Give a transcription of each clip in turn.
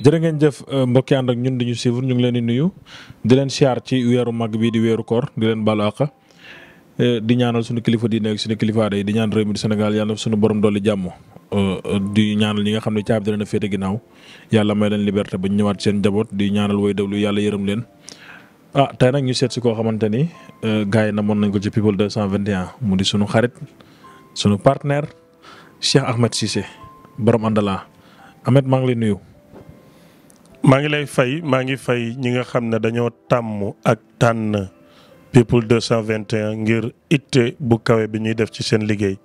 jërë ngeen jëf euh, mbokki ànd ak ñun dañu suivre ñu ngi leen di nuyu di leen siyaar ci weeru mag bii di weeru koor di leen baalu àq euh, di ñaanal suñu kilifa di nekk suñu kilifa day di ñaan réew di Sénégal yàlla suñu borom dolli jàmm euh, di ñaanal ñi nga xam ne caabi dina féete ginnaaw yàlla may leen liberté ba ñu ñëwaat seen njaboot di ñaanal woy dawlu yàlla yërëm leen. ah tey nag ñu seet si koo xamante ni gars yi namoon nañ ko ci people 221 mu di sunu xarit suñu partenaire Cheikh Ahmed Cissé borom àndala Ahmed maa ngi lay nuyu. maa ngi lay fay maa ngi fay ñi nga xam ne dañoo tàmmu ak tànn people 221 ngir itte bu kawe bi ñuy def ci seen liggéey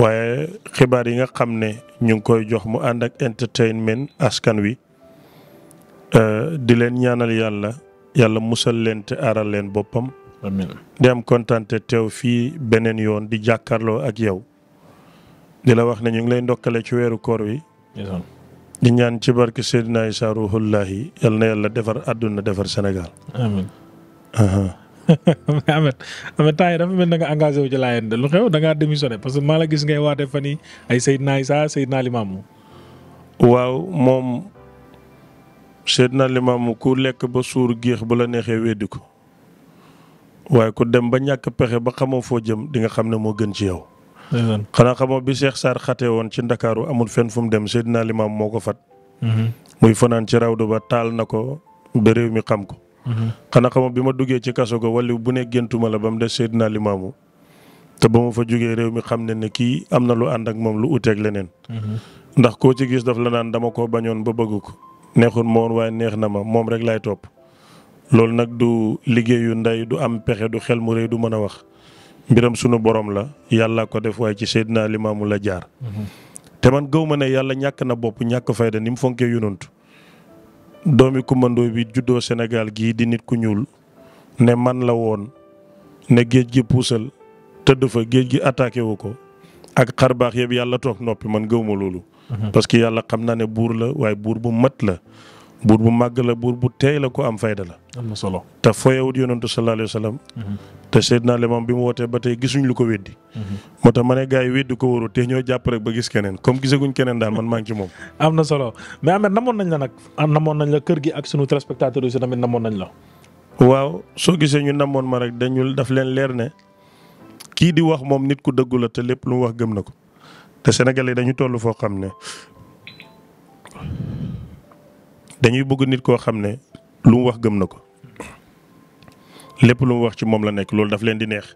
waaye xibaar yi nga xam ne ñu ngi koy jox mu ànd ak entertainment askan wi euh, di leen ñaanal yàlla yàlla musal leen te aral leen boppam. amiin di am kontante teew fii beneen yoon di jàkkaarloo ak yow di la wax ne ñu ngi lay ndokkale ci weeru koor wi. di ñaan ci barke Seydina Issa Ruhullahi yal na yàlla defar àdduna defar Sénégal. amiin. Ahmed Ahmed temps dafa mel na nga engagé wu ci Laayeen de lu xew da ngaa démissionné parce que maa la gis ngay waate fan yii ay Seydina Issa Seydina Limaamu. waaw moom Seydina Limaamu ku lekk ba suur géex bu la neexee weddi ko waaye ku dem ba ñàkk pexe ba xamoo foo jëm di nga xam ne moo gën ci yow. xanaa xamoo bi Cheikh Sarr xate woon ci ndakaaru amul fenn fu mu dem Seydina Limaam moo ko fat mhm. muy fanaan ci rawdu ba taal na ko ba réew mi xam ko mhm. xanaa xamoo bi ma duggee ci kaso ga wala bu ne géntuma la ba mu des Seydina Limaamu te ba ma fa jugee réew mi xam ne ne kii am na lu ànd ak moom lu uteeg leneen mhm. ndax koo ci gis daf la naan dama ko bañoon ba bëgg ko neexul ma woon waaye neex na ma moom rek lay topp loolu nag du liggéeyu ndey du am pexe du xel mu du mën a wax mbiram sunu borom la yàlla ko def waaye ci Seydina Limaamu la jaar. te man gëw ma ne yàlla ñàkk na bopp ñàkk fayda nim mu fonkee yonantu doomi kumandoo bi juddoo senegal gii di nit ku ñuul ne man la woon ne géej gi puusal tëdd fa géej gi attaqué wu ko ak xar baax yëpp yàlla toog noppi man gëw ma loolu. Mhm. parce que yàlla xam naa ne buur la waaye buur bu mat la buur bu màgg la buur bu teey la ko am fayda la. am na solo te foyewut yonantu wa sallam mhm. te Seydina Limam bi mu wootee ba tey gisuñ lu ko weddi. Mhm. moo tax ma ne gaa yi weddi ko wóoru te ñoo jàpp rek ba gis keneen comme gisaguñ keneen daal man maa ngi ci moom. am na solo mais Ahmed namoon nañ la nag namoon nañ la kër gi ak sunu téléspectateur aussi tamit namoon nañ la. waaw soo gisee ñu namoon ma rek dañu daf leen leer ne kii di wax moom nit ku dëggu la te lépp lu mu wax gëm na ko te Sénégalais dañu toll foo xam ne dañuy bëgg nit koo xam ne lu mu wax gëm na ko. lépp lu mu wax ci moom la nekk loolu dafa leen di neex.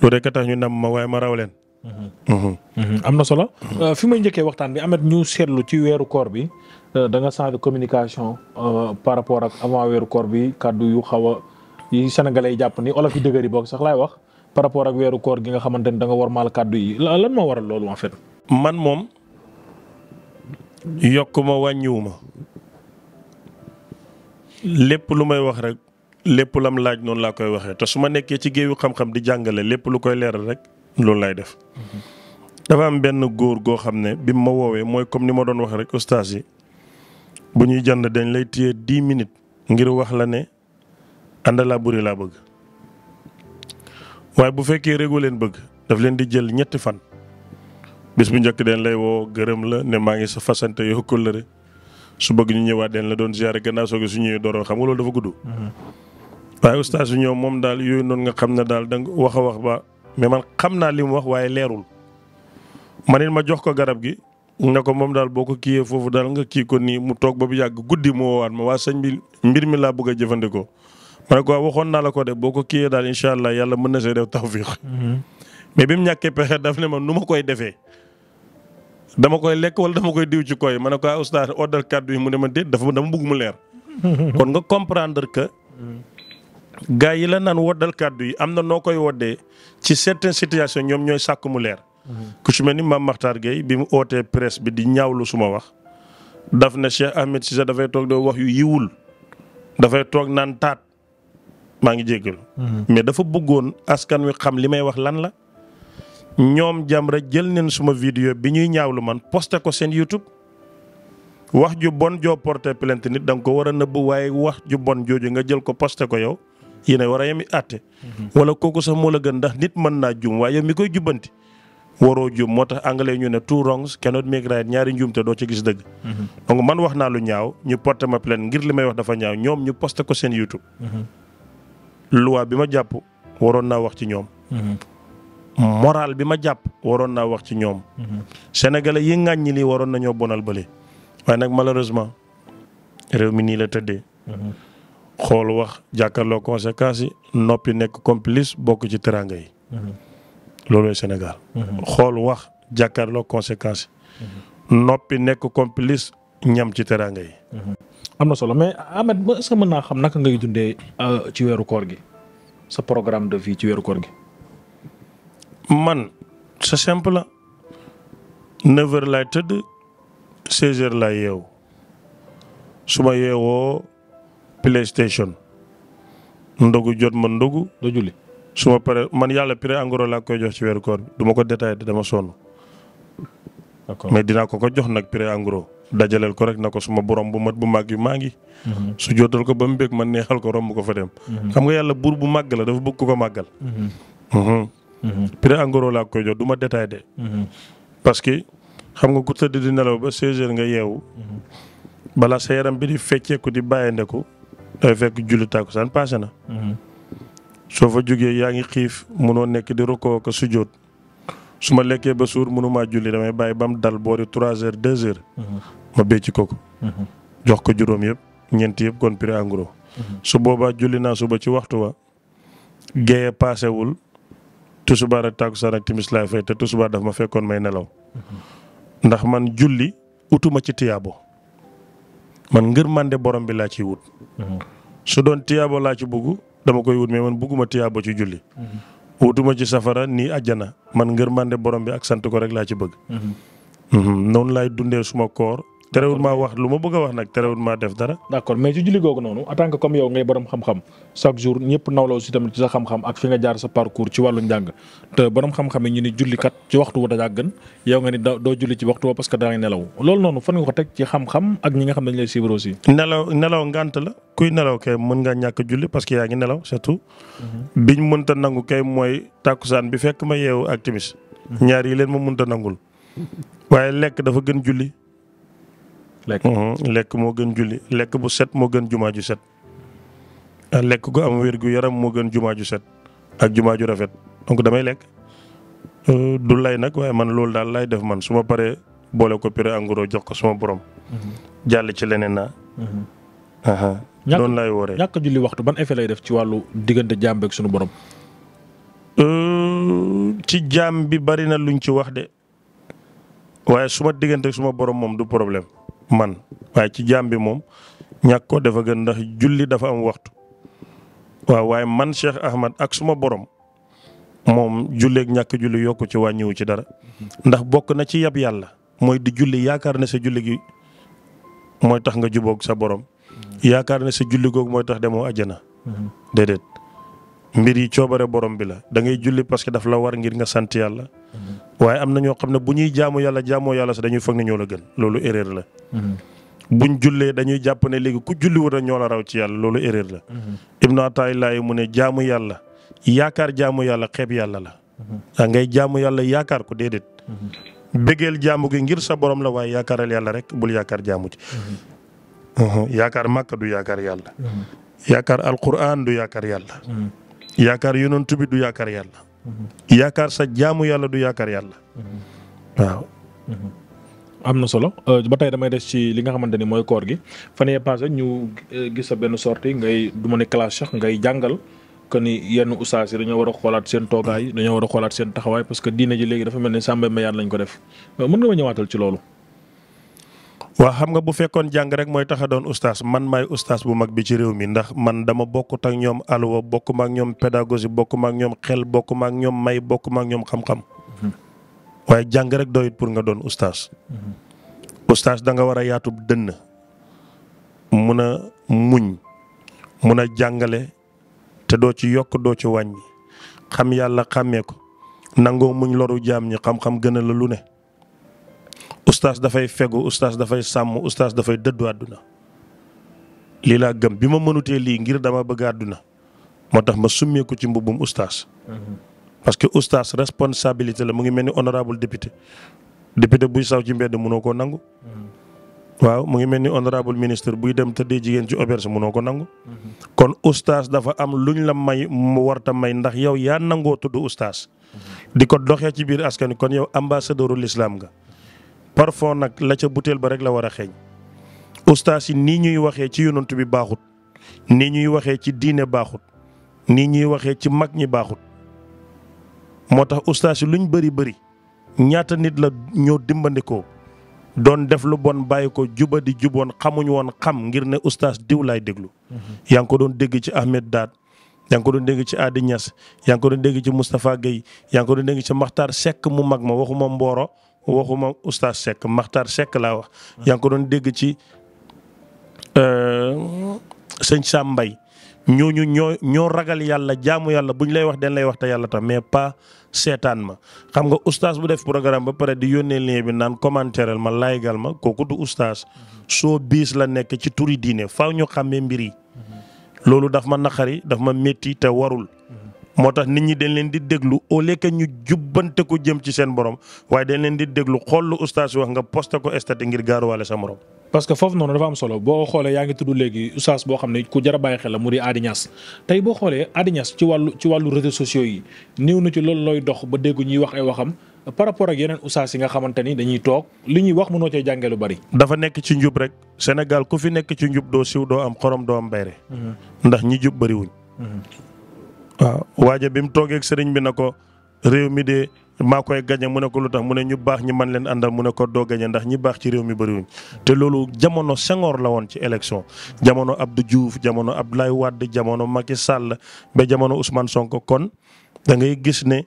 loolu rek a tax ñu nam ma waaye ma raw leen. am na solo. Euh, fi may njëkkee waxtaan bi Ameth ñu seetlu ci weeru koor bi euh, danga nga changer communication euh, par rapport ak weeru koor bi kàddu yu xaw a yi sénégalais yi jàpp ni olof yi dëgër yi boog sax wax par rapport ak weeru koor gi nga xamante ni da war maal kàddu yi la lan moo waral loolu en fait. man moom yokk ma wàññiwu ma lépp lu may wax rek. lépp lam laaj noonu laa koy waxee te su ma nekkee ci géewu xam-xam di jàngale lépp lu koy leeral rek loolu lay def. dafa am benn góor goo xam ne bi ma woowee mooy comme ni ma doon wax rek ustaas yi bu ñuy jënd dañ lay téye dix minutes ngir wax la ne àndalaa buri laa bëgg. waaye bu fekkee régo leen bëgg daf leen di jël ñetti fan bis bu njëkk den lay woo gërëm la ne maa ngi sa fasante yoo kóllëre su bëgg ñu ñëwaat den la doon ziare gannaaw soog su ñëwee doroo xam nga loolu dafa gudd. Mm-hmm. waaye ustaas bi ñoom moom daal yooyu noonu nga xam ne daal danga wax a wax ba mais man xam naa li mu wax waaye leerul man it ma jox ko garab gi ne ko moom daal boo ko kiiyee foofu daal nga kii ko nii mu toog ba bu yàgg guddi mu woowaat ma waa sëñ bi mbir mi laa bëgg a jëfandikoo ma ne ko waxoon naa la ko de boo ko kiiyee daal incha allah yàlla mën na see def tawfiq mhm. mais bi mu ñàkkee pexe daf ne ma nu ma koy defee dama koy lekk wala dama koy d ma ne ko ah oustaz oddal kàddu yi ma déet gaa yi la naan woddal kàddu yi am na noo koy woddee ci certaines situation ñoom ñooy sàkk mu leer. Mhm. ku ci mel ni maam Makhtar Gueye bi mu ootee presse bi di ñaawlu suma wax. daf ne Cheikh Ahmed Cissé dafay toog doo wax yu yiwul dafay toog naan taat maa ngi jéggalu mhm. mais dafa bëggoon askan wi xam li may wax lan la. ñoom Jamra jël neen suma vidéo bi ñuy ñaawlu man posté ko seen YouTube. wax ju bon joo porté plainte nit da nga ko war a nëbb waaye wax ju bon jooju nga jël ko posté ko yow. yéen a war a yem àtte wala kooku sax moo la gën ndax nit mën naa juum waaye mi koy jubbanti waroo juum moo tax anglais ñu ne two wrongs cannot make right ñaari njuum te doo ci gis dëgg. donc man wax naa lu ñaaw ñu porté ma plainte ngir li may wax dafa ñaaw ñoom ñu posté ko seen YouTube. bi ma jàpp waroon naa wax ci ñoom. moral bi ma jàpp waroon naa wax ci ñoom. sénégalais yi ŋàññi lii waroon nañoo bonal bële waaye nag malheureusement réew mi nii la tëddee. xool wax jàkkaarloo conséquences yi noppi nekk complice bokk ci teranga yi. Mhm. loolooy Sénégal. Mhm. xool wax jàkkaarloo conséquences mhm. noppi nekk complice ñam ci teranga yi. am na solo mais Ahmed est-ce que mën naa xam naka ngay dundee euh, ci weeru koor gi sa programme de vie ci weeru koor gi. man c'est simple la neuf heures laay tëdd seize heures laay yeewu yeewoo. PlayStation ndogu jot ma ndogu. doo julli su ma paree man yàlla pré en gros laa koy jox ci weeru koor bi du ma ko détaillé dama sonn. mais dinaa ko ko jox nag pré en gros dajaleel ko rek na ko suma borom bu mat bu màgg yu maa ngi. Mhm. su jotal ko ba mu bég man neexal ko romb ko fa dem. Mhm. xam nga yàlla buur bu màgg la dafa bëgg ko ko màggal. pré en gros laa koy jox du ma détaillé de. Mhm. parce xam nga ku tëdd di nelaw ba 16 nga yeewu. balaa sa yaram bi di fecceeku di bàyyandeku day fekk julli tàkkusaan paase na. Mhm. soo fa jógee yaa ngi xiif munoo nekk di rukkoo ko sujjóot su ma lekkee ba suur munumaa julli damay bàyyi bam mu dal boori trois heures deux heures. Mhm. ma bécc ko ko. Mhm. jox ko juróom yëpp ñeent yëpp kon prix en su boobaa julli naa suba ci waxtu wa. géeye paasewul tusubaar ak tàkkusaan ak timis laay fay te tusubaar daf ma fekkoon may nelaw. ndax man julli utuma ci tiyaabo. man ngërmande borom bi laa ciy wut. su doon tiyaabo laa ci bugg dama koy wut mais man bugguma tiyaabo ci julli. wutuma ci safara nii àjjana man ngërmande borom bi ak sant ko rek laa ci bëgg. Mhm. Mhm. noonu laay dundee suma koor terewul maa wax lu ma bëgg a wax nag terewul maa def dara. d' accord mais ci julli googu noonu en tant que comme yow ngay borom xam-xam chaque jour ñëpp nawloo si tamit ci sa xam-xam ak fi nga jaar sa parcours ci wàllu njàng te borom xam-xam yi ñu ni jullikat ci waxtu wu daa gën yow nga ni doo julli ci waxtu wa parce que daa ngi nelaw nga ko teg ci xam-xam ak ñi nga xam dañu lay suivre nelaw nelaw la kuy nelaw kay mën ngaa ñàkk julli parce que yaa ngi nelaw surtout. Mhm. biñ mënta nangu kay mooy tàkkusaan bi fekk ma yeewu ak timis mhm. ñaar yi leen ma mënta nangul waaye lekk dafa gën julli lekk mhm. lekk moo gën julli lekk bu set moo gën jumaa ju set ah, lekk ko am wér gu yaram moo gën jumaa ju set ak jumaa ju rafet donc damay lekk euh, du lay nag waaye man loolu daal lay def man suma paree boole ko purée en gros jox ko suma borom. Mhm. jàll ci leneen naa. Mhm. noonu laay wooree ñàkk julli waxtu ban effet lay def ci wàllu diggante jaam sunu borom. Euh, ci jaam bi bari na luñ ci wax de waaye suma diggante suma borom moom du problème. man waaye ci jaam bi moom ñàkk ko dafa gën ndax julli dafa am waxtu waaw waaye man Cheikh Ahmad ak suma borom moom julleeg ñàkk julli yokku ci wàññiwu ci dara ndax bokk na ci yab yàlla mooy di julli yaakaar ne sa julli gi mooy tax nga jubóog sa borom yaakaar ne sa julli googu mooy tax demoo àjjana mm-hmm. déedéet mbir yi coobare borom bi la da ngay julli parce que daf la war ngir nga sant yàlla waaye am na ñoo xam ne bu ñuy jaamu yàlla jaamoo yàlla sax dañuy foog ne loolu erreur la buñ jullee dañuy jàpp ne léegi ku julli wut ñoo la raw ci yàlla loolu erreur la ibnu ataayilaayi mu ne jaamu yàlla yaakaar jaamu yàlla xeeb yàlla la da ngay jaamu yàlla yaakaar ko déedéet bëggeel jaamu gi ngir sa borom la waaye yaakaaral yàlla rek bul yaakaar jaamu ci yaakaar màkk du yaakaar yàlla yaakaar alquran du yaakaar yàlla yaakaar yu yonent bi du yaakaar yàlla. yaakaar sa jaamu yàlla du yaakaar yàlla. waaw. am na solo euh, ba tey damay des ci li nga xamante ni mooy koor gi fan yee passé ñu euh, gis sa benn sortie ngay du ma ne classe sax ngay jàngal que ni yenn ustaas yi dañoo war a xoolaat seen toogaay dañoo war a xoolaat seen taxawaay parce que diine ji léegi dafa mel ni sàmba ma yaan lañ ko def euh, mën nga ma ñëwaatal ci loolu. waa xam nga bu fekkoon jàng rek mooy taxa doon ustaas man maay ustaas bu mag bi ci réew mi ndax man dama bokkut ak ñoom alwa bokkuma ak ñoom pédagogie bokkuma ak ñoom xel bokkuma ak ñoom may bokkuma ak ñoom xam-xam mm-hmm. waaye jàng rek doyut pour nga doon ustaas mm-hmm. ustaas danga nga war a yaatu dënn mun a muñ mun a jàngale te doo ci yokk doo ci wàññi xam yàlla xàmmee ko nangoo muñ loru jaam ñi xam-xam gën la lu ne. ustaas dafay fegu ustaas dafay sàmm ustaas dafay dëddu àdduna lii laa gëm bi ma mënutee lii ngir dama bëgg àdduna moo tax ma summeeku ci mbubbum ustaas parce que ustaas responsabilité la mu ngi mel ni honorable député député buy saw ci mbedd mënoo ko nangu waaw mu ngi mel ni honorable ministre buy dem tëddee jigéen ci auberge mënoo ko nangu kon ustaas dafa am luñ la may mu warta may ndax yow yaa nangoo tudd ustaas di ko doxee ci biir askan kon yow ambassadeur u lislaam nga parfo nag la ca butéel ba rek la war a xeeñ ustaas yi nii ñuy waxee ci yonent bi baaxut nii ñuy waxee ci diine baaxut ni ñuy waxee ci mag ñi baaxut moo tax ustaas yi luñ bari bari ñaata nit la ñoo dimbandikoo doon def lu bon bàyyi ko juba di juboon xamuñ woon xam ngir ne ustaas diw lay déglu. Mhm. yaa ngi ko doon dégg ci Ahmed Daat yaa ko doon dégg ci Adi Niass yaa ko doon dégg ci Moustapha Guèye yaa ko doon dégg ci Makhtar sekk mu mag ma waxuma Mboro waxuma oustaz Seck Makhtar Seck laa wax. yaa ngi ko doon dégg ci euh, sëñ Sam Mbaye ñooñu ñoo ñoo ragal yàlla jaamu yàlla bu buñ lay wax den lay wax te yàlla tax mais pas seetaan ma xam nga oustaz bu def programme ba pare di yónnee lien bi naan commentairel ma laygal ma kooku du oustaz. soo biis la nekk ci turi diine faaw ñu xàmmee mbir yi. Mm-hmm. loolu daf ma naqari daf ma métti te warul. moo tax nit ñi dañ leen di déglu au lieu que ñu jubbante ko jëm ci seen borom waaye dañ leen di déglu xool lu ustaas wax nga posté ko estati ngir gaaruwaale sa morom. parce que foofu noonu dafa am solo boo xoolee yaa ngi tudd léegi ustaas boo xam ne ku jar a bàyyi xel la mu di Adi tey boo xoolee Adi Niass ci wàllu ci wàllu réseaux sociaux yi néew na ci loolu looy dox ba dégg ñuy wax ay waxam par rapport ak yeneen ustaas yi nga xamante ni dañuy toog li ñuy wax mënoo cee jàngee lu bari. dafa nekk ci njub rek Sénégal ku fi nekk ci njub doo siw doo am xorom doo am bayre mm-hmm. ndax ñi jub bariwuñ mm-hmm. waaw waaja bi mu toogee ak sëriñ bi na ko réew mi de maa koy gañe mu ne ko lu tax mu ne ñu baax ñi man leen àndal mu ne ko doo gañe ndax ñi baax ci réew mi bëriwuñ te loolu jamono Senghor la woon ci élection jamono Abdou Diouf jamono lay Wade jamono Macky sàll ba jamono Ousmane Sonko kon da ngay gis ne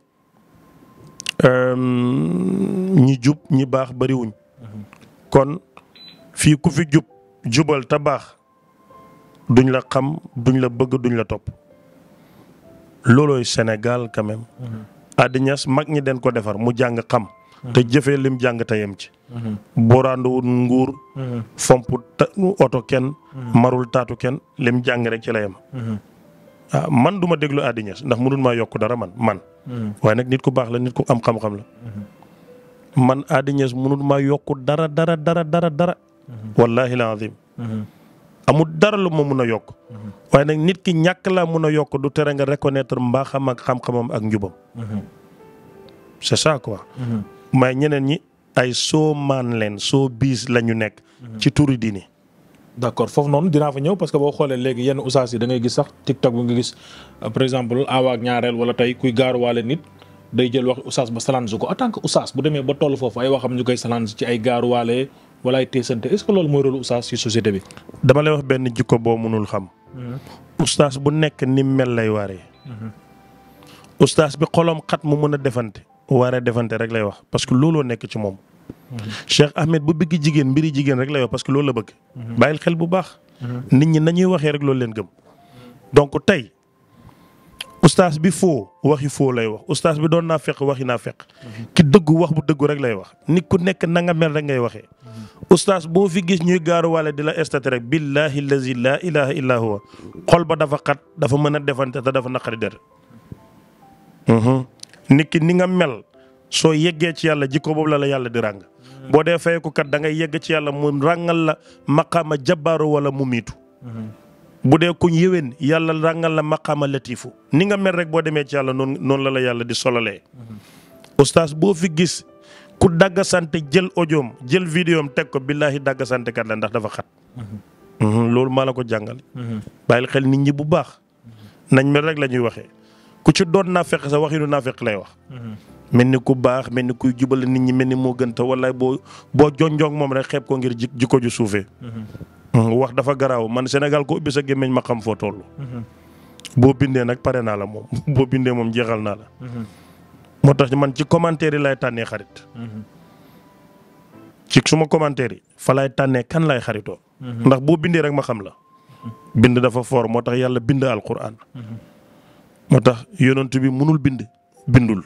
euh, ñi jub ñi baax bariwuñ kon fii ku fi jub jubal te baax duñ la xam duñ la bëgg duñ la topp loolooy Sénégal quand même. Mm-hmm. Adi mag ñi den ko defar mu jàng xam. Mm-hmm. te jëfee lim jàng tayem ci. Mm-hmm. boraanduwul nguur. fomp oto kenn. marul taatu kenn lim jàng rek ci la yem. Ah, man duma deglu déglu Adi ndax mënul ma yokk dara man man. waaye nag nit ku baax la nit ku am xam-xam la. man Adi Niass mënul maa yokk dara dara dara dara dara. wallaahi amul dara lu ma mun a yokk waaye nag nit ki ñàkk laa mun a yokk du tere nga reconnaître mbaaxam ak xam-xamam ak njubam c'est ça quoi mais ñeneen ñi ay soo maan leen soo biis la ñu nekk ci turi diine d'accord foofu noonu dinaa fa ñëw parce que boo xoolee léegi yenn usaas yi da ngay gis sax tiktok bi nga gis par exemple awaak ñaareel wala tey kuy gaaruwaale nit day jël wax usaas ba salange ko en tant que bu demee ba toll foofu ay waxam ñu walaay teesante est ce que loolu mooy rôle oustaz ci société bi. dama lay wax benn jikko boo mënul xam. Mm-hmm. oustaz bu nekk ni mel lay waaree. Mm-hmm. oustaz bi xolom xat mu mën a defante. waaree defante rek lay wax parce que looloo nekk ci moom. Mm-hmm. Cheikh Ahmed bu bëgg jigéen mbiri jigéen rek lay wax parce que loolu la bëgg. bàyyil xel bu baax. nit ñi nañuy waxee rek loolu leen gëm. donc tey ustaas bi foo waxi foo lay wax ustaas bi doon naa fekk waxi naa fekk ki dëggu wax bu dëggu rek lay wax nit ku nekk nanga nga mel rek ngay waxee ustaas boo fi gis ñuy gaaru waale di la estati rek billahi lazi laa illa huwa xol ba dafa xat dafa mën a defante te dafa naqari der mhm. nit ki ni nga mel soo yeggee ci yàlla jikko boobu la la yàlla di ràng boo dee ko kat da ngay yegg ci yàlla mu ràngal la maqaama jabbaaru wala mu bu dee kuñ yéwén yàlla ràngal la maqaama latifu ninga nga mel rek boo demee ci yàlla noon noonu la la yàlla di solalee. Mm-hmm. oustaz boo fi gis ku dagg sant jël audioom jël vidéoom teg ko billaahi dagg sant kat la ndax dafa xat. Mm-hmm. Mm-hmm. loolu maa la ko jàngale. bàyyil xel nit ñi bu baax. nañ mel rek la ñuy waxee ku ci doon na fekk sa waxinu naa fekk lay wax. mel ni ku baax mel ni kuy jubal nit ñi mel ni moo gën te boo boo jonjoog moom rek xeeb ko ngir jikko ju suufee. Hmm, wax dafa garaaw man Sénégal ko ubbi sa gémmiñ ma xam foo toll. boo bindee nag pare na la moom boo bindee moom jeexal na la. moo tax man ci commentaire yi lay tànnee xarit. ci suma commentaire yi fa lay kan lay xaritoo. ndax boo bindee rek ma xam la. bind dafa foor moo tax yàlla bind alquran. moo tax yonent bi munul bind bindul.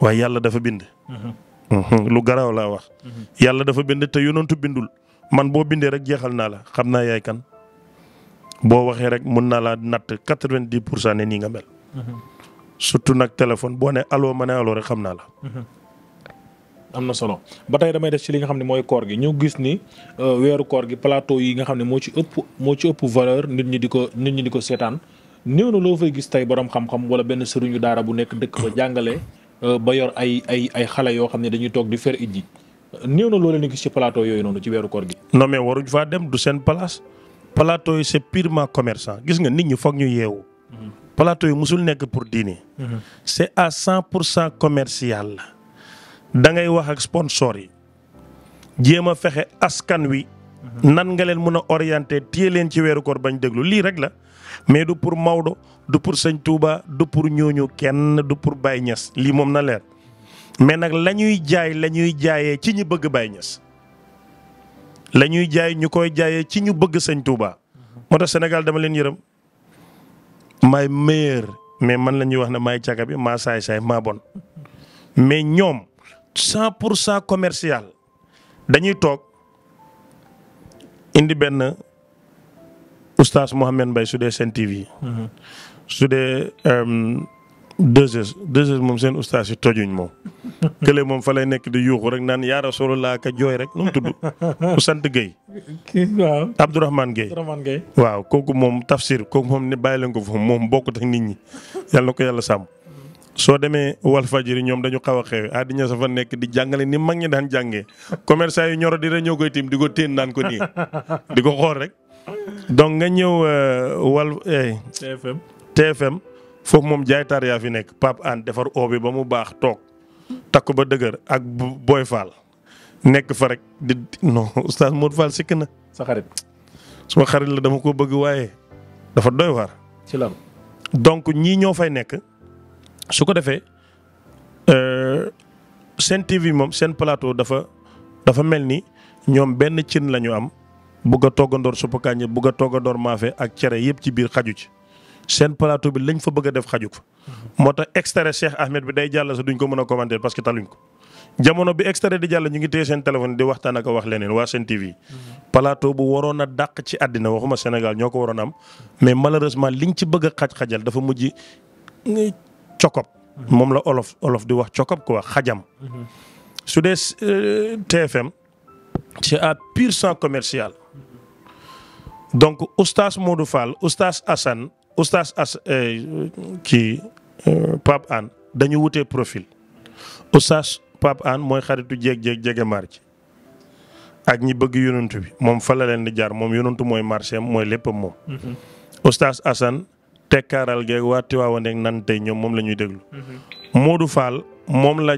waaye yàlla dafa bind. Mhm. Mhm, lu garaaw laa wax. Mhm. yàlla dafa bind te yonentu bindul. man boo bindee rek jeexal naa la xam naa yaay kan boo waxee rek mun naa laa natt quatre-vingt-dix pour cent ne nii nga mel. Mhm. surtout nag téléphone boo ne allo ma ne allo rek xam naa la. Mhm. am na solo ba tey damay def ci li nga xam ne mooy koor gi ñu gis ni euh, weeru koor gi plateau yi nga xam ne moo ci ëpp moo ci ëpp valeur nit ñi di ko nit ñi di ko seetaan néew loo fay gis tey borom xam-xam wala benn sëriñu daara bu nekk dëkk ba jàngale euh, ba yor ay ay ay xale yoo xam ne dañuy toog di fer it néew na loo leen gis ci plateau yooyu noonu ci weeru koor gi. non mais waruñ faa dem du seen place plateau yi c'est purement commerçant gis nga nit ñu foog ñu yeewu. Mhm. plateau yi musul nekk pour diine. Mhm. c'est à cent pour cent commercial la. da ngay wax ak sponsor yi. jéem a fexe askan wi. Mhm. nan nga leen mën a orienter téye leen ci weeru koor bañ déglu lii rek la mais du pour Maodo du pour Sëñ Touba du pour ñooñu kenn du pour Baye Niass lii moom na leer. mais nag la ñuy jaay la ñuy jaayee ci ñu bëgg Baye Niass la ñuy jaay ñu koy jaayee ci ñu bëgg sëñ Touba moo tax Sénégal dama leen yërëm maay meilleur mais man la ñuy wax ne maay caga bi maa saay saay maa bon mais ñoom cent pour cent commercial dañuy toog indi benn oustaz Mouhamed Mbaye su dee seen TV. Mm-hmm. su dee. Euh, deux heures deux heures moom seen ustaas yi tojuñ moom. kële moom fa lay nekk di yuuxu rek naan yaa rasulullah ka jooy rek nu mu tudd. ku sant Guèye. waaw Abdourahmane Guèye. Abdourahmane waaw kooku moom tafsir kooku moom ne bàyyi leen ko foofu moom bokkut ak nit ñi yàlla na ko yàlla sàmm. soo demee wal fajiri ñoom dañu xaw a xewe àddina sa fa nekk di jàngale ni mag ñi daan jàngee commerçant yu ñoro di rek ñëw koy tiim di ko téen naan ko nii di ko xool rek. donc nga ñëw euh, wal. Eh, TFM foofu moom jaay taar yaa fi nekk Pape Hann defar oo bi ba mu baax toog takk ba dëgër ak booy Fall nekk fa rek di non oustaz Modou Fall sikk na. sa xarit. xarit la dama koo bëgg waaye dafa doy war ci lan donc ñii ñoo fay nekk su ko defee euh, seen TV moom seen plateau dafa dafa mel ni ñoom benn cin la ñu am bugg a toggandoor suppu kànja bugg a toggandoor maafe ak cere yëpp ci biir xaju ci. seen plateau bi lañ fa bëgg a def xajuk fa moo tax extrait Cheikh Ahmed bi day jàll sa duñ ko mën a commenter parce taluñ ko jamono bi extrait di jàll ñu ngi téye seen téléphone di waxtaan ak wax leneen waa seen TV. plateau bu waroon a dàq ci àddina waxuma Sénégal ñoo ko waroon am mais malheureusement liñ ci bëgg a xaj-xajal dafa mujj cokop moom la olof olof di wax cokop quoi xajam. su dee euh, TFM c'est à pur sang commercial donc oustaz Modou Fall oustaz oustaz as eh, kii eh, Pape Hann dañu wute profil oustaz Pape Hann mooy xaritu jéeg-jéeg jege maar ak ñi bëgg yonantu bi moom fa leen di jaar moom yonantu mooy marché am mooy léppam moom. Mhm. oustaz Assane tekkaaral geeg waa Tiwaawan ak nan tey ñoom moom la ñuy déglu. Mhm. Modou Fall moom la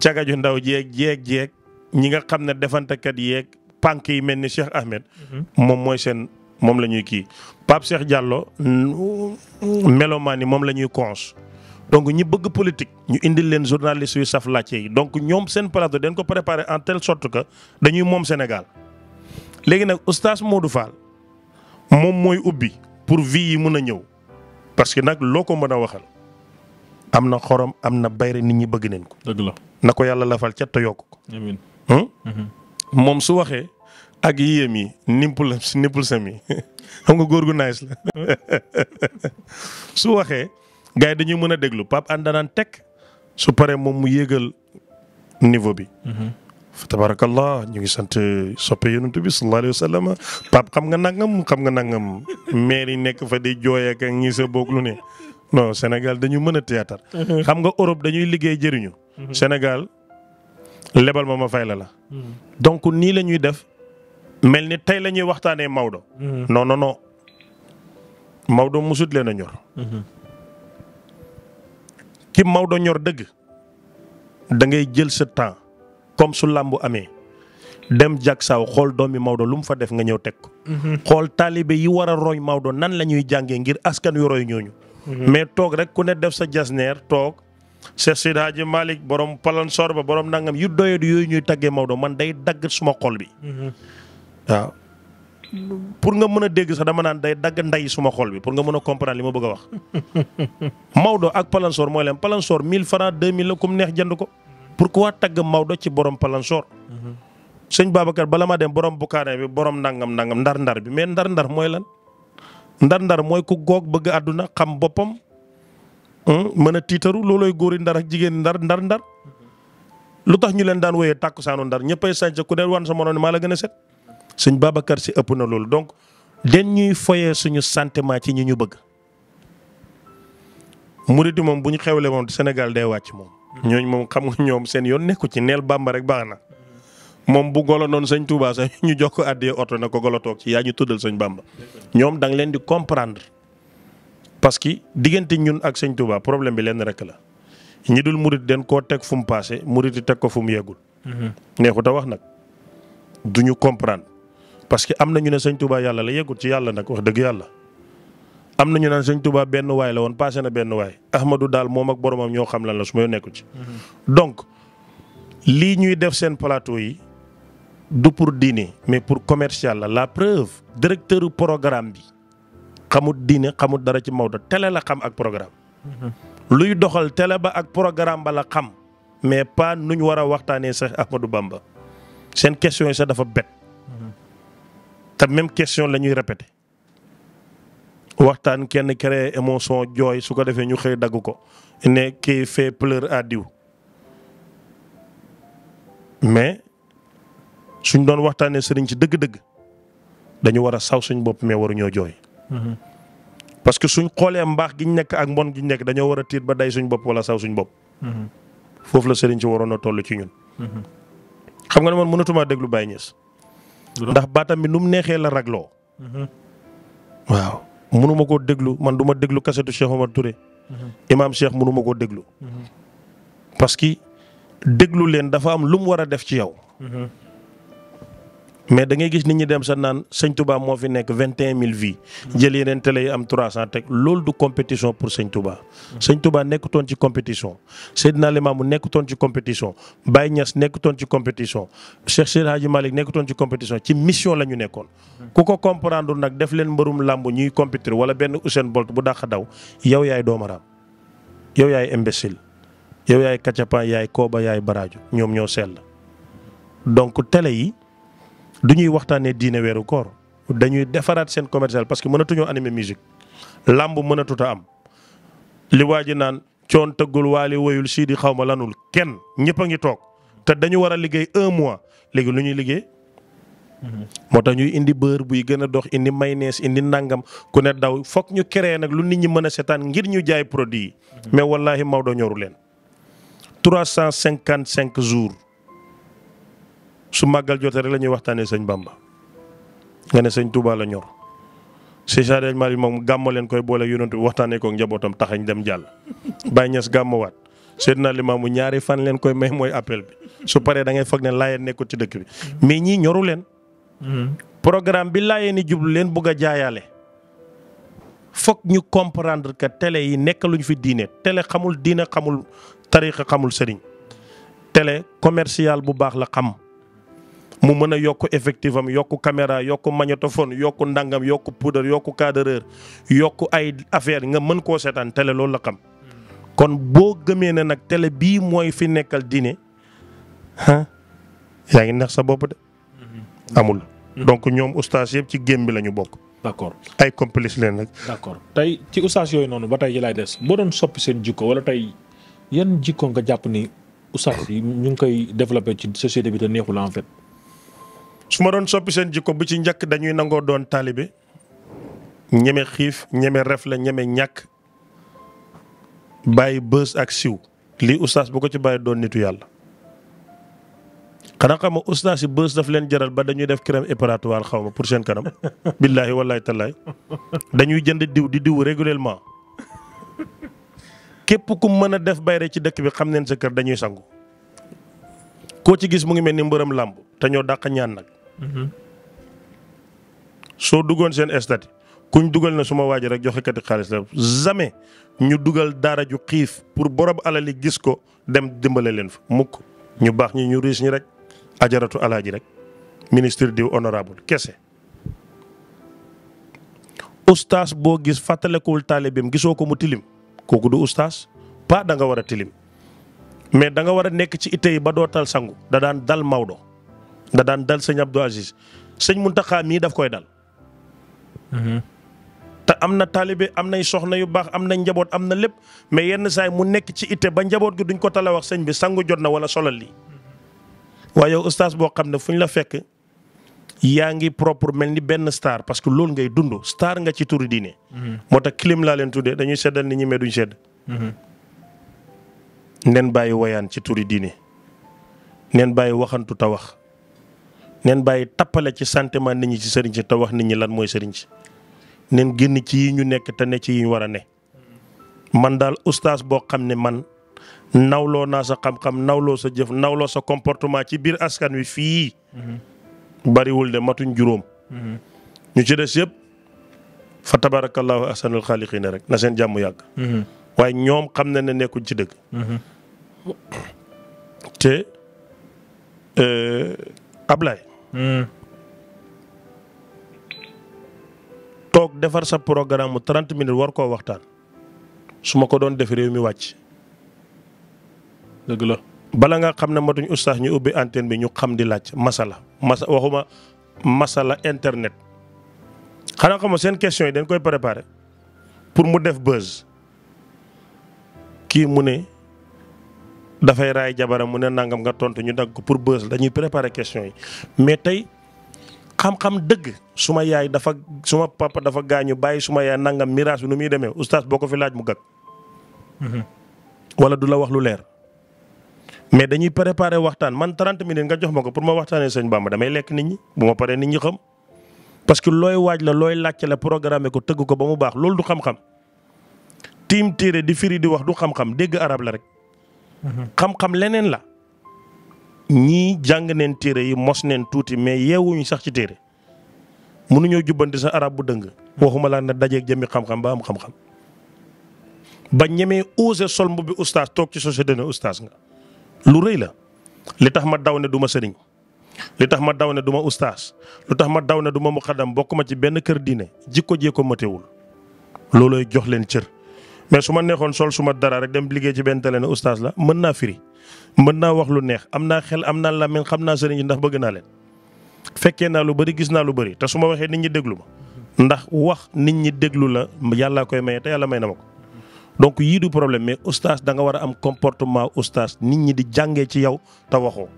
cagaju ndaw jeeg jeeg jeeg ñi nga xam ne defantekat yeeg pank yi mel ni Cheikh Ahmed. Mhm. moom mooy seen. moom la ñuy kii Pape Cheikh Diallo melomaan yi moom la ñuy cons donc ñi bëgg politique ñu indi leen journaliste yu saf laajte yi donc ñoom seen plateau dañ ko préparé en telle sorte que dañuy moom Sénégal léegi nag oustaz Modou Fall moom mooy ubbi pour vie yi mën a ñëw parce que nag loo ko mën a waxal am na xorom am na bayre nit ñi bëgg neen ko. dëgg la na ko yàlla lafal cet te yokk ko. Hmm? Mhm. moom su waxee. ak yéem yi nimpul nimpul sam yi xam nga góor gu nice la su waxee gars dañuy mën a déglu Pape Hann danaan teg su paree moom mu yéegal niveau bi. Mhm. fa tabarakallah ñu ngi sant uh, soppe yonent bi sallallahu alayhi wa xam nga nangam xam nga nangam maire yi nekk fa di jooy ak ñi sa lu ne non Sénégal dañu mën a théâtre mhm. xam nga Europe dañuy liggéey jëriñu. Mhm. Sénégal lebal ma ma fay la la. donc nii la def. mel ni tey la ñuy waxtaanee Maodo. Mm-hmm. non non non Maodo musut leen a ñor. Mm-hmm. ki Maodo ñor dëgg da ngay jël sa temps comme su làmbu amee dem jag saaw xool doomi Maodo lu mu fa def nga ñëw teg ko. Mm-hmm. xool taalibe yi war a roy nan la ñuy jàngee ngir askan wi roy ñooñu. mais toog rek ku ne def sa jasneer toog. Seex Seydi Haaji Malick borom palan sorba borom nangam yu doyadu yooyu ñuy taggee Maodo man day dagg suma xool bi. waaw pour nga mën a dégg sax dama naan day dagg nday suma xol bi pour nga mën a comprendre li ma bëgg a wax Maodo ak Palansoor mooy leen Palansoor 1000 francs 2000 la kum neex jënd ko pourquoi tagg Maodo ci borom Palansoor mm-hmm. sëñ Babacar bala ma dem borom bukaane bi borom ndangam ndangam ndar-ndar bi mais ndar-ndar mooy lan ndar mooy ku goog bëgg àdduna xam boppam hmm, mën a tiitaru loolooy góori ndar ak jigéen ndar ndar-ndar mm-hmm. lu tax ñu leen daan wooyee tàkkusaanu ndar ñëppay sànc ku ne wan sa morom ne maa la gën a set sëñ Babacar si ëpp na loolu donc den ñuy foyee suñu sentiment ci ñi ñu bëgg murid moom bu ñu xewle moom senegal day wàcc moom. ñooñ moom xam nga ñoom seen yoon nekku ci neel Bàmba rek baax na moom bu golo noon sëñ Touba sax ñu jox ko àddee oto na ko golo toog ci yaa ñu tuddal sëñ Bàmba. ñoom da leen di comprendre parce que diggante ñun ak sëñ Touba problème bi lenn rek la ñi dul murid den koo teg fu mu paase murid teg ko fu mu yeggul. Mhm. neexut wax parce que am na ñu ne sëñ Touba yàlla la yeggul ci yàlla nag wax dëgg yàlla am na ñu naan sëñ Touba benn waay la woon passé na benn waay Ahmadou daal moom ak boromam ñoo xam lan la su ma nekkul ci. Mhm. donc lii ñuy def seen plateau yi du pour diine mais pour commercial la la preuve directeur programme bi xamut diine xamut dara ci Maodo télé la xam ak programme. Mhm. luy doxal télé ba ak programme ba la xam mais pas nuñ war a waxtaanee sax Ahmadou Bamba seen question yi sax dafa te même question la ñuy répété waxtaan kenn créé émotion jooy su ko defee ñu xëy dagg ko ne kii fait pleurer à diw mais suñ doon waxtaanee sëriñ ci dëgg-dëgg dañu war a saw suñ bopp mais waruñoo jooy. Mhm. parce que suñ xoolee mbaax giñ nekk ak mbon giñ nekk dañoo war a tiit ba day suñ bopp wala saw suñ bopp. Mhm. foofu la sëriñ ci waroon a toll ci ñun. Mhm. xam nga ne man mënatumaa déglu Baye Niass ndax baatam bi nu mu neexee la ragloo. Mhm. waaw munuma koo déglu man duma ma déglu kasetu Cheikh Omar Touré. Mhm. imaam Cheikh munuma koo déglu. Mhm. parce que déglu leen dafa am lu mu war a def ci yow. mais da ngay gis nit ñi dem sa naan sëñ Touba moo fi nekk vingt et un mille vies jël yeneen télé yi am trois cent teg loolu du compétition pour sëñ Touba. sëñ Touba nekkutoon ci compétition Seydina Limaamu nekkutoon ci compétition Baye Niass nekkutoon ci compétition Cheikh Seydi Hadji nekkutoon ci compétition ci mission la ñu nekkoon. ku ko comprendre nag def leen mbërum làmb ñuy compétir wala benn Usain Bolt bu dàq daw yow yaay doomaraam yow yaay imbécile yow yaay kacapa yaay kooba yaay baraaju ñoom ñoo sell donc télé yi. du ñuy waxtaanee diine weeru koor dañuy defaraat seen commercial parce que mënatuñoo animer musique làmb mënatuta am li waa ji naan coon tëggul waali woyul sii di xaw ma lanul kenn ñëpp a ngi toog te dañu war a liggéey un mois léegi lu ñuy liggéey. Mm-hmm. moo tax ñuy indi bër buy gën a dox indi mayonnaise indi nangam ku ne daw foog ñu créer nag lu nit ñi mën a seetaan ngir ñu jaay produit yi. Mm-hmm. mais wallaahi Maodo ñoru leen. trois cent cinquante cinq jours. su màggal jotee rek la ñuy waxtaanee sëñ Bamba nga ne sëñ Touba la ñor si Sadel Mali moom gàmmo leen koy boole yonent bi waxtaanee koog njabootam taxañ dem jàll. Baye Niass gàmmawaat seet naa limaamu ñaari fan leen koy may mooy appel bi su paree da ngay foog ne laayeen nekkul ci dëkk bi mais ñii ñoru leen. Hmm. programme bi laayeen ni jublu leen bugg a jaayaale. foog ñu comprendre que télé yi nekkaluñ fi diine télé xamul diine xamul tariqa xamul sëriñ télé commercial bu baax la xam. mu mën a yokk effectivement am yokk caméra yokk magnétophone yokk ndàngam yokk poudre yokk cadreur yokk ay affaire nga mën koo seetaan télé loolu la xam. kon boo gëmee ne nag tele bii mooy fi nekkal dine ah yaa ngi neex sa bopp de. Mm-hmm. amul. Mm-hmm. donc ñoom ustaas yëpp ci gémm bi la bokk. d' accord ay complice leen nag. tey ci ustaas yooyu noonu ba tey ji laay des boo doon soppi seen jikko wala tey yan jikko nga jàpp ni ustaas yi ñu ngi koy développé ci société bi te neexul en fait. su ma doon soppi seen jikko bu ci njëkk dañuy nangoo doon taalibe ñeme xiif ñeme ref la ñeme ñàkk bàyyi bës ak siw lii ustaas boo ko ci bàyyi doon nitu yàlla xanaa xam nga ustaas bës daf leen jaral ba dañuy def crème éparatoire xaw ma pour seen kanam billaahi wallaahi tallaay dañuy jënd diw di diw régulièrement képp ku mën a def bayre ci dëkk bi xam neen sa kër dañuy sangu koo ci gis mu ngi mel ni mbërëm làmp te ñoo dàq ñaan nag soo duggoon seen statut kuñ dugal na suma waaj rek joxe kati xaalis la jamais ñu dugal dara ju xiif pour borom alali gis ko dem dimbale leen fa mukk ñu baax ñi ñu riis ñi rek ajaratu alaaji rek ministre diw honorable kese ustaas boo gis fàttalekuwul taalibeem gisoo ko mu tilim kooku du ustaas pas da nga war a tilim mais da nga war a nekk ci itte yi ba dootal sangu da daan dal Maodo da daan dal sëñ Abdou Aziz sëñ Muntaxa mii daf koy dal. Mhm. te am na taalibe am nay soxna yu baax am na njaboot am na lépp mais yenn saay mu nekk ci itte ba njaboot gi duñ ko tala wax sëñ bi sangu jot na wala solal lii. Mhm. waaye yow boo xam ne fu ñu la fekk yaa ngi propre mel ni benn star parce que loolu ngay dund star nga ci turu diine. Mhm. moo tax clim laa leen tuddee dañuy seddal nit ñi mais duñ sedd. nen bàyyi woyaan ci turi diine. neen bàyyi waxantu wax neen bàyyi tappale ci sentiment nit ñi ci sëriñ si te wax nit ñi lan mooy sëriñ si neen génn ci yi ñu nekk te ne ci yi ñu war ne man daal ustaas boo xam ne man nawloo naa sa xam-xam nawloo sa jëf nawloo sa comportement ci biir askan wi fii mhm. bariwul de matuñ juróom mhm. ñu ci des yëpp fa tabarakallahu ahsanul xaaliqiina rek na seen jàmm yàgg mhm. xam na ne ci dëgg te euh, Ablaye toog defar sa programme mu 30 minutes war koo waxtaan su ma ko doon def réew mi wàcc. dëgg la bala nga xam ne matuñ ustaas ñu ubbi antenne bi ñu xam di laaj masala masa waxuma masala internet xanaa xam seen question yi dañ koy préparé pour mu def buzz kii mu ne. dafay raay jabara mu ne nangam nga tontu ñu dagg ko pour bës dañuy préparer question yi mais tey xam-xam dëgg suma yaay dafa suma papa dafa gaañu bàyyi suma yaay nangam miraas bi nu muy demee oustaz boo ko fi laaj mu gag. Mm-hmm. wala du la wax lu leer. mais dañuy préparer waxtaan man 30 minutes nga jox ma ko pour ma waxtaanee sëñ Bamba damay lekk nit ñi bu ma paree nit ñi xam. parce que looy waaj la looy laajte la programme ko tëgg ko ba mu baax loolu du xam tiim téere di firi di wax du xam dégg arab rek. xam-xam leneen la ñii jàng neen téere yi mos neen tuuti mais yeewuñu sax ci téere mënuñoo jubbanti sa arab bu dëng waxuma laa ne dajeeg jëmmi xam-xam ba am xam-xam ba ñemee osé sol mbu bi oustaz toog ci société ne oustaz nga lu rëy la li tax ma daw ne du ma sëriñ li tax ma daw ne du ma oustaz lu tax ma daw ne du ma muqaddam bokk ma ci benn kër diine jikko jee ko matewul loolooy jox leen cër mais su ma neexoon sol suma dara rek dem liggéey ci benn télé ne oustaz la mën naa firi mën naa wax lu neex am naa xel am naa làmmiñ xam naa sëriñ yi ndax bëgg naa leen fekkee naa lu bari gis naa lu bëri te su ma waxee nit ñi déglu ma ndax wax nit ñi déglu la yàllaa koy maye te yàlla may na ma ko donc yii du problème mais oustaz danga war a am comportement oustaz nit ñi di jàngee ci yow te waxoo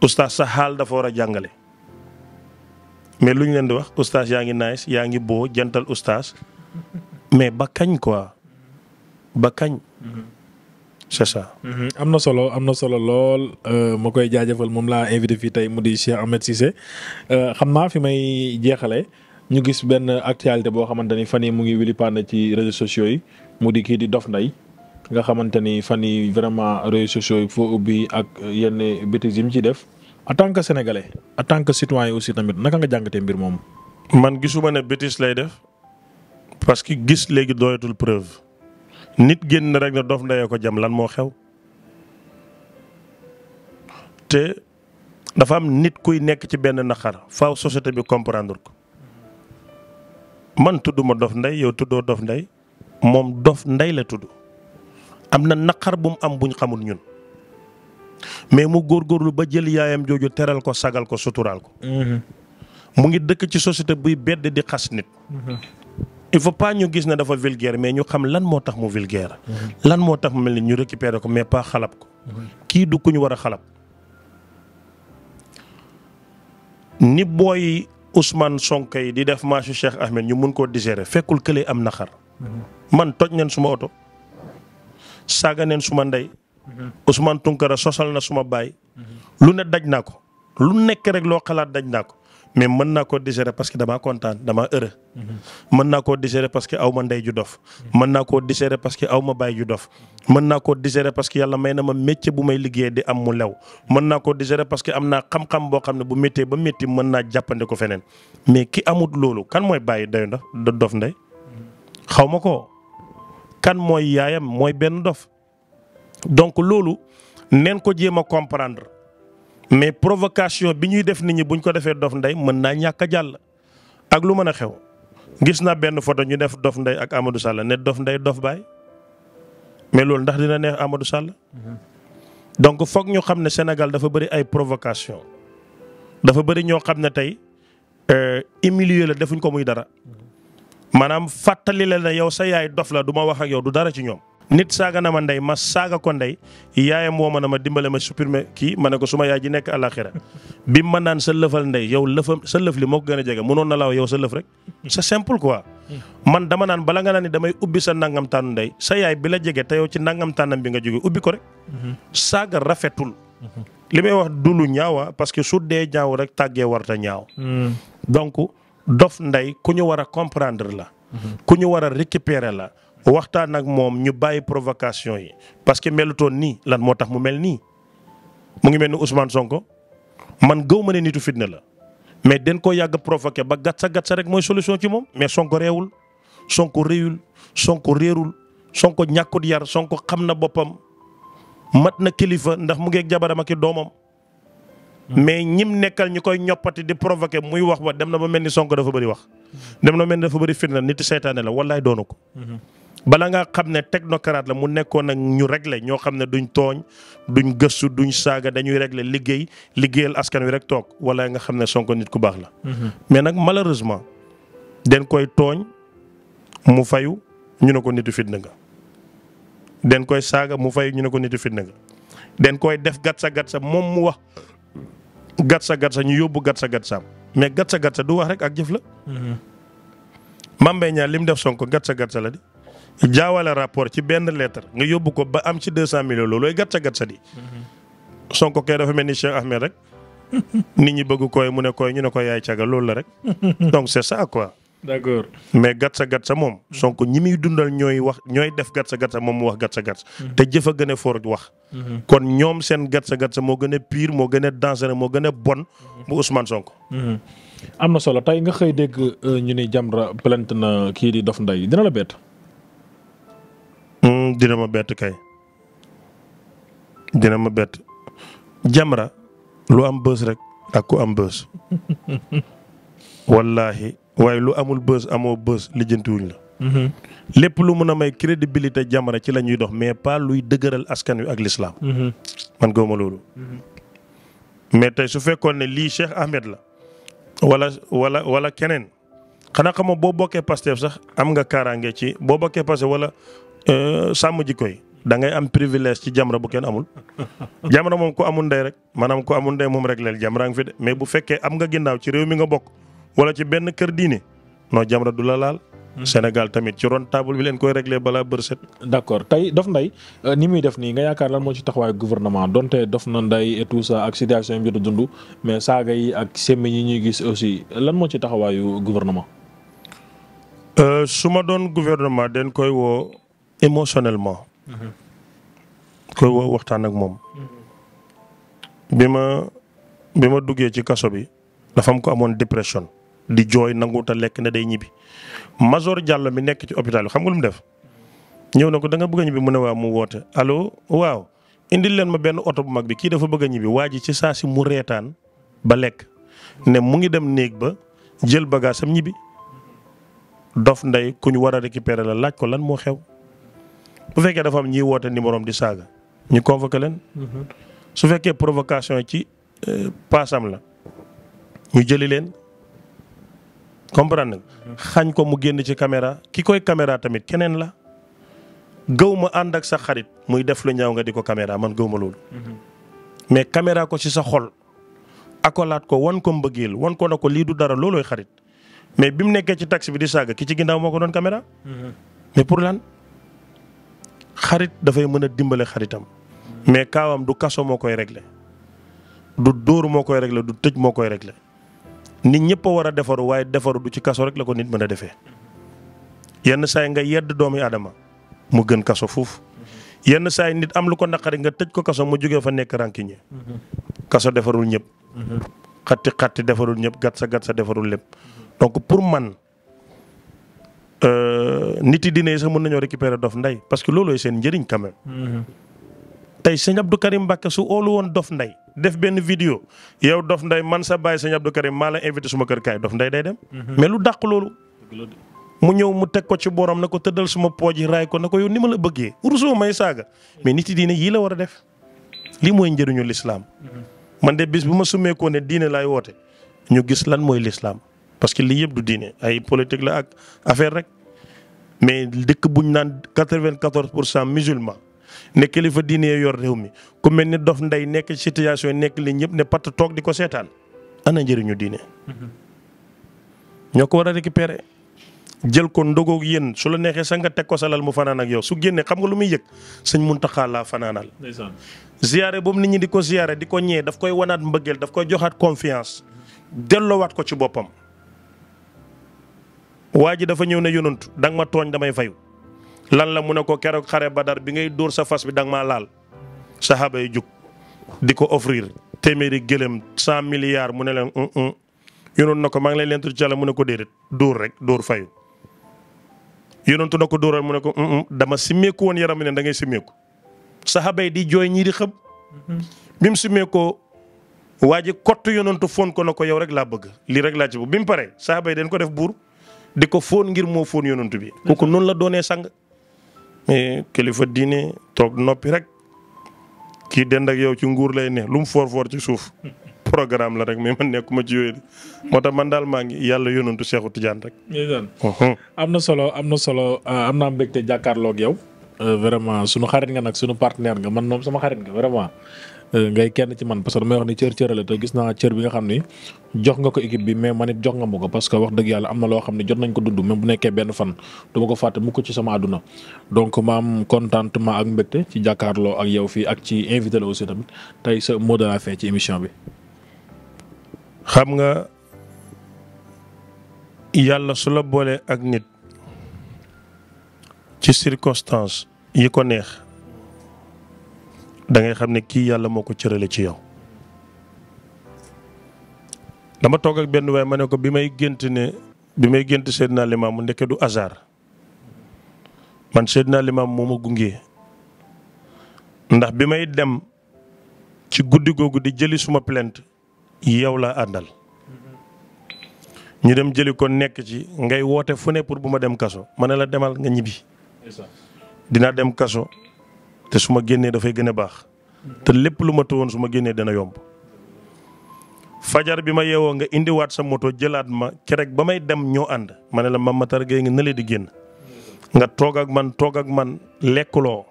oustaz sa xaal dafa war a jàngale mais lu ñu leen di wax oustaz yaa ngi nice yaa ngi boo jantal oustaz mais ba kañ quoi ba kañ. am na solo am na solo lool euh, ma koy jaajëfal moom laa invité fii tey mu di en Ahmed Cissé euh, xam naa fi may jeexale ñu gis benn actualité boo xamante ni fan yi mu ngi wili paan ci réseaux sociaux yi mu di kii di Dof Ndeye nga xamante ni fan yi vraiment réseaux sociaux yi foo ubbi ak yenn bêtises yi mu ci def en tant que sénégalais en tant que citoyen aussi tamit naka nga jàngatee mbir moom man gisuma ne bêtise lay def. parce que gis léegi doyatul preuve nit génn rek na dof ndeyee ko jam lan moo xew te dafa am nit kuy nekk ci benn naqar faw société bi comprendre ko man tudduma dof ndey yow tuddoo dof ndey moom dof ndey la tudd am na naqar bu mu am buñ xamul ñun mais mu góor góorlu ba jël yaayam jooju teral ko sagal ko suturaal ko mm-hmm. mu ngi dëkk ci société buy bedd di xas nit mm-hmm. il faut pas ñu gis ne dafa vulgaire mais ñu xam lan moo tax mu vulgaire. lan moo tax mu mel ni ñu récupérer ko mais pas xalab ko. kii du ku ñu war a xalab. ni booy Ousmane Sonko yi di def marche Cheikh Ahmed ñu mën koo digérer fekkul kële am na xar man toj neen suma oto. saaga neen suma ndey. Ousmane Tunkara sosal na suma baay. lu ne daj naa ko. lu nekk rek loo xalaat daj naa ko. mais mën naa ko digérer parce que damaa kontaan damaa heureux. Mm-hmm. mën naa koo digérer parce que aw ma ndey dof. mën naa koo digérer parce que aw ma baay ju dof. mën naa ko digérer parce que yàlla may na ma métier bu may liggéey di am mu lew. mën naa koo digérer parce que am naa xam-xam boo xam ne bu méttee ba métti mën naa jàppande ko feneen mais ki amut loolu kan mooy bàyyi dayu ndof dof ndey xaw ma ko kan mooy yaayam mooy benn dof donc loolu neen ko jéem comprendre. mais provocation bi ñuy def nit ñi buñ ko defee Dof ndey mën naa ñàkk a jàll ak lu mën a xew gis naa benn photo ñu def Dof Ndeye ak Amadou Sall ne Dof Ndeye Dof Baye mais loolu ndax dina neex Amadou Sall. donc foog ñu xam ne Sénégal dafa bëri ay provocation dafa bëri ñoo xam ne tey euh, humilier la defuñ ko muy dara maanaam fàttali la ne yow sa yaay dof la du ma wax ak yow du dara ci ñoom. nit saaga na ma ndey ma saaga ko ndey yaayam woo ma na ma dimbale ma supprimer kii ma ne ko suma yaay ji nekk àllaaxira bi ma naan sa lëfal ndey yow lëfam sa lëf li moo ko gën a jege mënoon na laaw yow sa lëf rek c'est simple quoi. man dama naan bala nga naan ni damay ubbi sa nangamtaanu tànnu ndey sa yaay bi la jege te yow ci nangam bi nga jóge ubbi ko rek. saaga rafetul. li may wax du ñaawa ah, parce que su dee ñaaw rek tàggee warta ñaaw. Hmm. donc dof ndey ku ñu war a comprendre la. Hmm. ku war a récupérer la. waxtaan ak moom ñu bàyyi provocation yi parce que melutoon nii lan moo tax mu mel nii mu ngi mel ni Ousmane Sonko man gëw ma ne nitu fitna la mais den ko yàgg provoqué ba gatsa gatsa rek mooy solution ci moom mais Sonko reewul Sonko réyul Sonko réerul Sonko ñàkkut yar Sonko xam na boppam mat na kilifa ndax mu ngeeg jabaram ak doomam. mais ñim nekkal ñu koy ñoppati di provoqué muy wax ba dem na ba mel ni Sonko dafa bëri wax. dem na mel ni dafa bëri fitna nit seytaane la wallaay doonu ko. Mm-hmm. bala nga xam ne technocrate la mu nekkoon ak ñu régler ñoo xam ne duñ tooñ duñ gëstu duñ saaga dañuy régler liggéey liggéeyal askan wi rek toog wala nga xam ne sonk nit ku baax la. Mhm. mais nag malheureusement den koy tooñ mu fayu ñu ne ko nitu fitna nga. den koy saaga mu fayu ñu ne ko nitu fitna nga den koy def gatsa gatsa moom mu wax gatsa gatsa ñu yóbbu gatsa gatsaam mais gatsa gatsa du wax rek ak jëf la. Mhm. Mame Mbaye Niang li mu def sonk gatsa gatsa la di. jaawale rapport ci benn lettre nga yóbbu ko ba am ci 200 millions loolooy gàtt sa gàtt sa di. Sonko kay dafa mel ni Cheikh Ahmed rek. nit ñi bëgg koy mu ne koy ñu ne ko yaay caga loolu la rek. donc c'est ça quoi. mais gàtt sa sa moom. Sonko ñi muy dundal ñooy wax ñooy def gàtt sa moom mu wax gàtt sa mm-hmm. te jëf a gën a fort wax. Mm-hmm. kon ñoom seen gàtt sa gàtt moo gën a piir moo gën a dangereux moo gën a bon mm-hmm. bu Ousmane Sonko. am na solo tey nga xëy dégg euh, ñu ni Jamra plainte na kii di Dof Ndeye dina la bett. dina ma bett kay dina ma bett jamra lu am bës rek ak ku am bës wallaahi waaye lu amul bës amoo bës lijjantiwuñ la. Mhm. lépp lu mun a may crédibilité jamra ci la ñuy dox mais pas luy dëgëral askan wi ak lislaam mhm. man gooma loolu. Mhm. mais tey su fekkoon ne lii Cheikh Ahmed la wala wala wala keneen xanaa xam boo bokkee Pastef sax am nga kaaraange ci boo bokkee Pastef wala Euh, sàmm jikko yi da ngay am privilège ci jamra bu kenn amul jamra moom ku amul ndey rek maanaam ku amul ndey moom rek leel jamra nga fi de mais bu fekkee am nga ginnaaw ci réew mi nga bokk wala ci benn kër diine non jamra du la laal. Hmm. Sénégal tamit ci ron table bi leen koy réglé balaa bër set. d'accord tey Dof Ndeye euh, ni muy def nii nga yaakaar lan moo ci taxawaayu gouvernement donte Dof na Ndeye et tout ak situation yi mais saaga yi ak semmi yi ñuy gis aussi lan moo ci taxawaayu gouvernement. Euh, su ma doon gouvernement den koy woo émotionnellement. koy mm-hmm. waxtaan ak moom. Mm-hmm. bi ma bi ma duggee ci kaso bi dafa am ko amoon dépression di jooy nanguut a lekk na day ñibbi Major Diallo mi nekk ci hôpital bi xam nga lu mu def. ñëw na ko danga nga bëgg a ñibbi mu ne waaw mu woote allo waaw indil leen ma benn oto bu mag bi kii dafa bëgg a ñibbi waa ji ci saa si mu reetaan ba lekk ne mu ngi dem néeg ba jël bagage am ñibbi dof ndey ku ñu war a récupérer la laaj ko lan moo xew. bu fekkee dafa am ñiy woote numéro am di saaga ñu convoqué leen. su fekkee provocation ci euh, paasam la ñu jëli leen comprend nga. xañ ko mu génn ci caméra ki koy caméra tamit keneen la gëw ma ànd ak sa xarit muy def lu ñaaw nga di ko caméra man gëw ma loolu. mais caméra ko ci sa xol. akolaat ko wan ko mbëggeel wan ko na ko lii du dara loolooy xarit mais bi mu nekkee ci taxi bi di saaga ki ci ginnaaw moo ko doon caméra. mais pour lan. xarit dafay mën a dimbale xaritam mais kaawam du kaso moo koy réglé du dóor moo koy réglé du tëj moo koy réglé nit ñëpp war a defaru waaye defaru du ci kaso rek la ko nit mën a defee yenn saay nga yedd doomi aadama mu gën kaso fuuf yenn saay nit am lu ko naqari nga tëj ko kaso mu jógee fa nekk rancunier kaso defarul ñëpp mm-hmm. xatti xatti defarul ñëpp gat sa gat sa defarul lépp donc pour man Euh, nit yi dine sax mën nañoo récupérer Dof Ndeye parce que loolooy seen njëriñ quand même. Mm-hmm. tey sëñ Abdou Karim su óolu woon Dof Ndeye def benn vidéo yow Dof Ndeye man sa bàyyi sa Abdou Karim maa la invité suma kër kaay Dof Ndeye day dem. Mm-hmm. mais lu dàq loolu. mu ñëw mu teg ko ci borom na ko tëddal suma pooj yi raay ko na ko yow ni ma la bëggee ruusoo may saaga mais nit yi diine yii la war a def lii mooy njëriñu lislaam mm-hmm. man de bis bu ma summeekoo ne diine laay woote ñu gis lan mooy lislaam parce que lii du diine ay politique la ak affaire rek mais dëkk bu ñu naan quatre-vingt-quatorze pour cent musulman ne kilifa diine yor réew mi ku mel ni Dof ndey nekk ci situation nekk li ñëpp ne patt toog di ko seetaan ana njëriñu diine. ñoo ko war a récupérer jël ko ndogoog yéen su la neexee sax nga teg ko salal mu fanaan ak yow su génnee xam nga lu muy yëg sëñ Muntaxa laa fanaanal. ziyaare boobu nit ñi di ko ziyaare di ko ñee daf koy wanaat mbëggeel daf koy joxaat confiance delloowaat ko ci boppam. waa ji dafa ñëw ne yonantu da nga ma tooñ damay fayu lan la mu ne ko keroog xare badar bi ngay dóor sa fas bi danga maa laal saxaaba yi jug di ko offrir téeméeri gëlëm cent milliards mu ne leen mm, mm. yonantu na ko maa ngi lay leen tudd ci Yàlla mu ne ko déedéet dóor rek dóor fayu yonantu na ko dóoral mu ne ko mm, dama simmeeku woon yaram ne da ngay simmeeku saxaaba yi di jooy ñii di xëb mm-hmm. bi mu simmeekoo waa ji kott yonantu foon ko na ko yow rek laa bëgg lii rek laa ci bu bi mu paree saxaaba yi dañ ko def buur di ko foon ngir moo foon yonantu bi. ko kooku noonu la doonee sang. mais eh, kilifa diine toog noppi rek kii dend ak yow ci nguur lay ne lu mu foor foor ci suuf programme la rek mais man nekkuma ci yooyu moo tax man daal maa ngi yàlla yonantu Seexu Tijaan rek. Mhm. am na solo am na solo ah, am naa mbégte jàkkaarloog yow. Euh, vraiment sunu xarit nga nag sunu partenaire nga man moom sama xarit nga vraiment. Euh, ngay kenn ci man parce que damay wax ni cër cërale te gis naa cër bi nga xam ni jox nga ko équipe bi mais man it jox nga ma ko parce que wax dëgg yàlla am na loo xam ne jot nañ ko dund même bu nekkee benn fan du ma ko fàtte mukk ci sama àdduna donc maam contentement ak mbégte ci jàkkaarloo ak yow fii ak ci invité la aussi tamit tey sa mot de la fin ci émission bi. xam nga yàlla su la boolee ak nit ci circonstance yi ko neex. da ngay xam ne kii yàlla moo ko cërale ci yow dama toog ak benn waaye ma ne ko bi may gént ne bi may gént Seydina mu ndekke du hasard man Seydina Limaam moom a gunge ndax bi may dem ci guddi googu di jëli suma plainte yow laa àndal ñu dem jëli ko nekk ci ngay woote fu ne pour bu ma dem kaso ma ne la demal nga ñibbi dinaa dem kaso te su ma génnee dafay gën a baax te lépp lu ma woon su ma génnee dana yomb fajar bi ma yeewoo nga indiwaat sa moto jëlaat ma kerek ba may dem ñoo ànd ma ne la Mame Matar Gueye nga nële di génn nga toog ak man toog ak man lekkuloo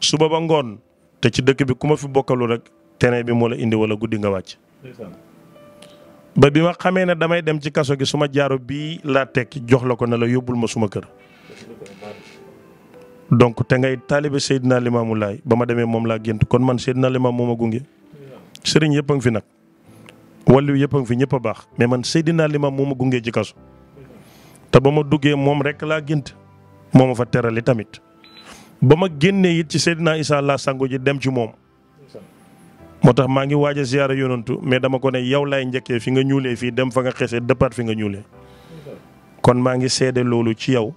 suba ba ngoon te ci dëkk bi ku ma fi bokkalu rek terrain bi moo la indi wala guddi nga wàcc. ba bi ma xamee ne damay dem ci kaso gi suma jaaro bii laa tekki jox la ko ne la yóbbul ma suma kër. donc te ngay taalibe Seydina Limaamu Laay ba ma demee moom laa gént kon man Seydina Limaam moo ma gunge sëriñ yëpp a ngi fi nag wallu yëpp a fi ñëpp a baax mais man Seydina Limaam moo ma gunge ci kaso te ba ma duggee moom rek laa gént moo ma fa terali tamit ba ma génnee it ci Seydina Isa laa sangu ji dem ci moom moo tax maa ngi waaj a ziyaara yonantu mais dama ko ne yow laay njëkkee fi nga ñuulee fii dem fa nga xesee départ fi nga ñuulee kon maa ngi seede loolu ci yow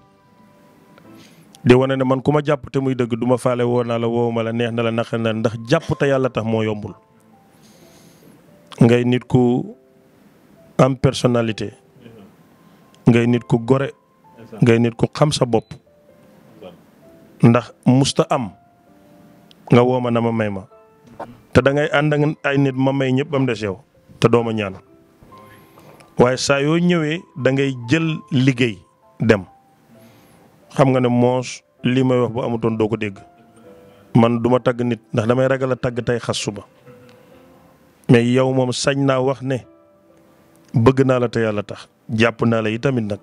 di wane ne man ku ma jàpp te muy dëgg duma ma faale woo naa la woowu ma la neex na la naqar na ndax jàpp te yàlla tax moo yombul ngay nit ku am personnalité ngay nit ku gore ngay nit ku xam sa bopp ndax musta am nga woo ma na ma may ma te dangay ngay ànd ak ay nit ma may ñëpp am des yow te dooma ñaan waaye saa yoo ñëwee dangay jël liggéey dem xam nga ne moos lii may wax bu amutoon doo ko dégg man duma tagg nit ndax damay ragal a tagg tey xas suba mais yow moom sañ naa wax ne bëgg naa la te yàlla tax jàpp naa la yi tamit nag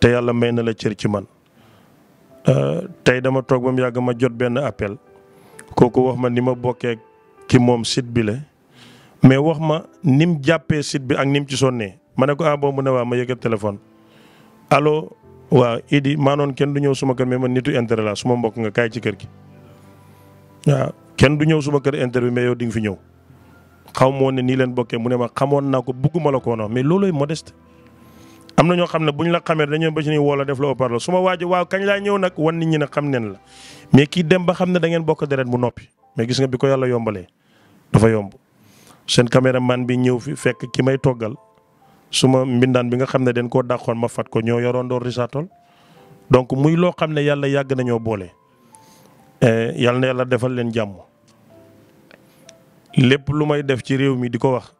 te yàlla may na la cër ci man euh, tey dama toog ba mu yàgg ma jot benn appel kooku wax ma ni ma bokkee ki moom site bi la mais wax ma nim jàppee site bi ak nim ci soon ne ma ne ko ah boobu mu ne waa ma yëgal téléphone allo waaw Idi maanoon kenn du ñëw suma kër mais man nitu intérêt suma mbokk nga kaay ci kër gi waaw kenn du ñëw suma kër intérêt bi mais yow di nga fi ñëw xaw ma ne nii leen bokkee mu ne ma xamoon naa ko bugguma la ko woon mais loolooy modeste. am na ñoo xam ne bu ñu la xamee dañoo ba ci ni def la au su ma waaj waaw kañ laa ñëw nag wan nit ñi xam neen la mais kii dem ba xam ne da ngeen bokk deret mu noppi mais gis nga bi ko yàlla yombalee dafa yomb seen man bi ñëw fi fekk ki may toggal suma mbindaan bi nga xam ne dañ koo dàqoon ma fat ko ñoo yoroon door Richard Toll donc muy loo xam ne yàlla yàgg nañoo boole eh, yàlla na yàlla defal leen jàmm lépp lu may def ci réew mi di ko wax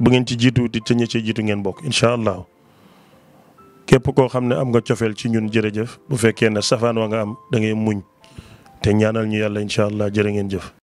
bu ngeen ci jiitu ti ca ñi ci jiitu ngeen bokk incha allah képp koo xam ne am nga cofeel ci ñun jërëjëf bu fekkee ne safaan wa nga am da ngay muñ te ñaanal ñu yàlla incha allah jërë ngeen jëf.